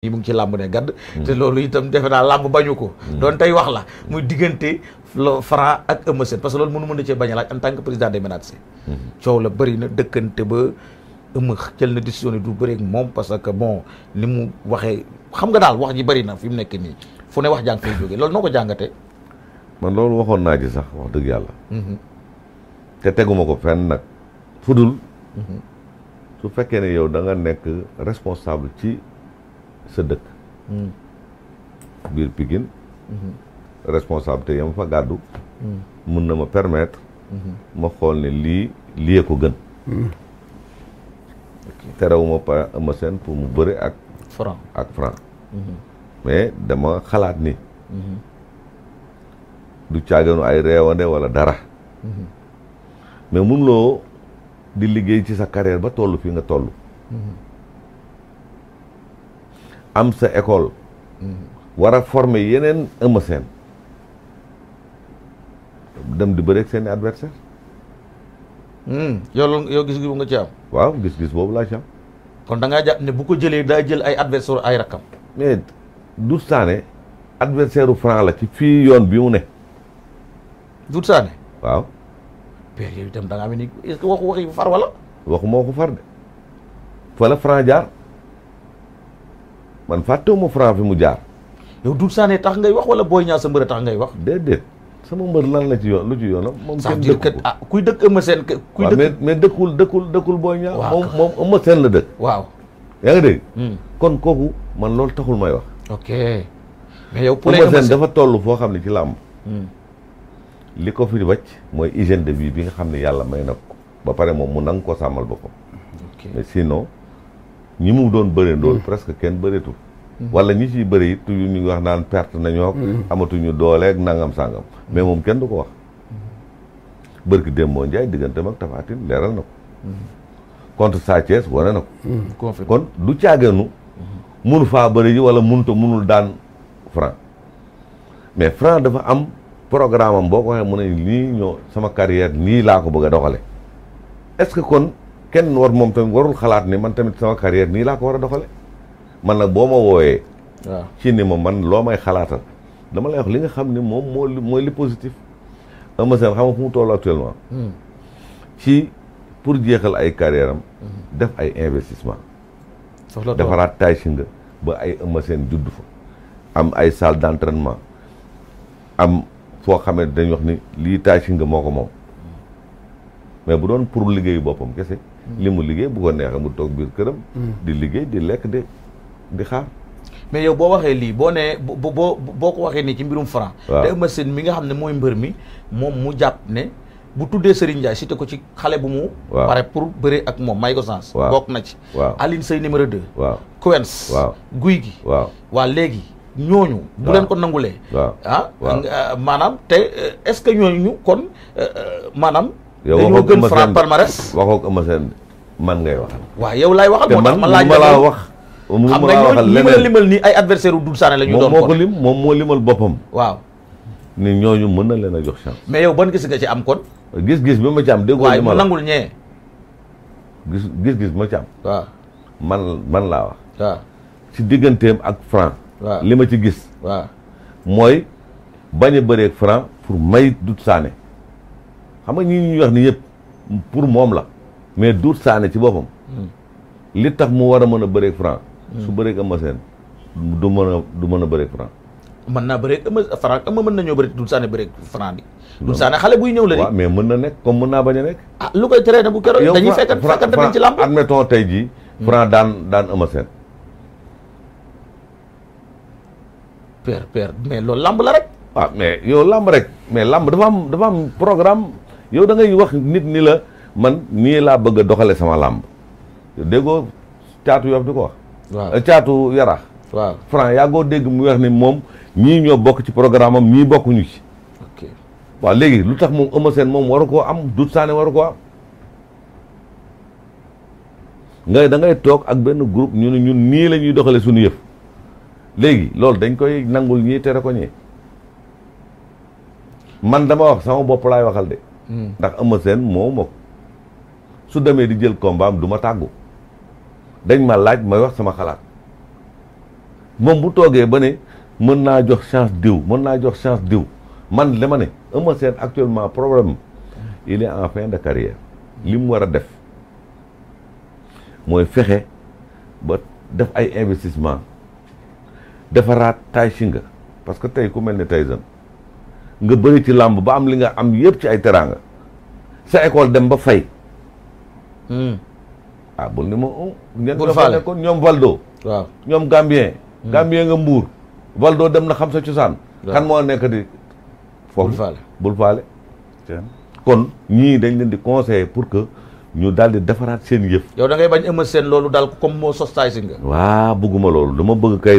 yi mu ngi ci làmb ne gadd hmm. te loolu itam defe naa làmb bañu ko hmm. doon tey wax la muy diggante lo Franc ak Eumeu Sène parce que loolu mënu mën a cee bañ a laaj en tant président des ménages hmm. coow la bëri dëkkante ba Eumeu jël na décision du bëreek moom parce que bon ni mu waxee xam nga daal wax ji bëri na fi mu nekk nii fu ne wax jàng fay jógee loolu noo ko jàngatee man loolu waxoon naa ji sax wax dëgg yàlla mm-hmm. te teguma ko fenn nag fudul mm-hmm. su fekkee ne yow da nga nekk responsable ci sa dëkk hmm. biir Pikine hmm. responsabilité yam fa gàddu hmm. mun na ma permettre ma xool ne lii lii ko gën terewuma pa ma seen pour mu bëre ak franc ak franc mais dama xalaat ni du caaganu ay reewande wala dara mais mun loo di liggéey ci sa carrière ba toll fi nga toll am sa école. war a former yeneen Eumeu Sène dem di bëreeg seen i adversaire hmm, yow loolu yow gis-gis bu nga ci am. waaw gis-gis boobu laa ci am. kon da ngaa jàpp ne bu ko jëlee daa jël ay adversaire ay rakkam. mais Doudou Sané adversaire u Franc la ci fii yoon bi mu ne. Doudou Sané. waaw. père yow da ngaa ni est-ce que waxu waxi far wala. waxu moo ko far de. fa la Franc jaar. man fàttewuma Franc fi mu jaar. yow Doudou Sané tax ngay wax wala booy ñaar sa mbër tax ngay wax. déedéet sama mbër lan la ci yoon lu ci yoonam. moom kenn dëkku ko ah, kuy dëkk Eumeu Sène. kuy dëkk mais dëkkul dëkkul dëkkul Boy Niang. waaw moom moom Eumeu Sène la dëkk. waaw. Hmm. kon kooku man loolu taxul may wax. ok mais yow. pour Eumeu Sène dafa toll foo xam ne ci làmb. Hmm. li ko fi wàcc mooy hygiène de vie bi nga xam ne yàlla may na ko ba pare moom mu nangu ko sàmmal boppam. mais sinon. ñi mu doon bëree ndool mm. presque kenn bëreetul. Mm. wala ñi ciy bëri it ñu ngi wax naan perte nañoo. Mm. amatuñu dooleeg nangam sangam. mais moom kenn du ko wax. bërki Demba Ndiaye diggante ak Tapha Tine leeral na ko. contre Sa Thiès wane na ko. kon du caageenu. munu faa bëri ji wala munuta munul daan Franc. mais Franc dafa am programme am boo ko waxee mu ne nii ñoo sama carrière nii laa ko bëgg a doxale est kon. kenn war moom tamit warul xalaat ni man tamit sama carrière nii laa ko war a doxale man nag boo ma wooyee ci ni ma man loo may xalaatal dama lay wax li nga xam ni moom moo mooy li positif ama seen xam nga fu mu toll actuellement hmm. ci pour jeexal ay carrière hmm. def ay investissement defaraat tay si nga ba ay ama seen judd fa am ay salle d'entraînement am foo xamee dañuy wax ni lii tay nga moo ko moom mais bu doon pour liggéeyu boppam kese. Hmm. li mu liggéey bu ko neexee mu toog biir këram. Hmm. di liggéey di lekk di di xaar. mais yow boo waxee lii boo nee boo boo boo ko waxee nii ci mbirum franc. waaw te Eumeu mi nga xam ne mooy mbër mi moom mu jàpp ne. bu tuddee Serigne Ndiaye cité ko ci xale bu mu. pare pour bëre ak moom may ko sens. waaw bokk na ci. waaw Aline numéro 2. waaw Coens. waaw guy gi. waaw waa léegi ñooñu. bu leen ko nangulee. waaw ah, maanaam te euh, est-ce que ñooñu kon euh, euh, maanaam. yow dañoo gën Franc palmarès waxoo ko Eumeu Sène man ngay waxal. waaw yow laay waxal moo tax ma laaj la wax. mu ma la waxal leneen xam limal nii ay adversaire yu dul saane la ñu doon moo ko lim moom moo limal boppam. waaw. ni ñooñu mën na leen a jox chance. mais yow ban gis nga ci am kon. gis-gis bi ma ci am déggoo. li ma la nangul ñee. gis gis bi ma ci am. man man laa wax. waaw ci digganteem ak Franc. li ma ci gis. waaw mooy bañ a bëreeg Franc pour may dut saane. xam nga ñi ñuy wax ni yëpp pour moom la mais duut saane ci boppam hmm. li tax mu war a mën a bëreeg franc hmm. su bëreeg Eumeu Sène du mën a du mën a bëreeg franc mën naa bëreeg Eumeu franc Eumeu mën na ñëw bëreeg duut saane bëreeg franc bi duut saane xale buy ñëw la di mais mën na nekk comme mën naa bañ a nekk ah lu koy traité bu keroog dañuy fekk fekkante nañ ci làmb admettons tey jii hmm. franc daan daan Eumeu Sène père père mais loolu làmb la rek waaw ah, mais yow làmb rek mais dafa am dafa am programme yow da wax nit ni la man nii laa bëgg a doxale sama làmb déggoo caatu yof di ko wax waaw euh, caatu yaraax waaw franc yàggoo dégg mu wax ni moom ñii ñoo bokk ci programme am ñii bokkuñu ci waaw léegi lu tax moom Eumeu Sène moom waru koo am Doudou Sané waru ko am ngay da toog ak benn group ñu ne ñun nii lañuy ñuy doxale suñu yëf léegi loolu dañ koy nangul ñii tere ko ñee man dama wax sama bopp laay waxal de ndax hmm. Eumeu Sène moo ma su demee di jël combat am du ma tàggu dañ ma laaj may wax sama xalaat moom bu toogee ba ne mën naa jox chance diw mën naa jox chance diw man dama ne Eumeu Sène actuellement problème il est en fin de carrière li mu war a def mooy fexe ba def ay investissement defaraat taay si nga parce que tey ku mel ne Tyson nga bëri ci làmb ba am li nga am yëpp ci ay teraanga sa école dem ba fay. Hmm. ah bul ni ma oh. bul faale kon ñoom Valdo. waaw ñoom Gambien. Hmm. Gambien nga Mbuur. Valdo dem na xam sa cosaan. kan moo nekk di. bul faale bul kon ñii dañ leen di conseiller pour que ñu daal di defaraat seen yëf. yow da bañ ëmb seen loolu daal comme moo sos si nga. waaw bëgguma loolu dama bëgg kay.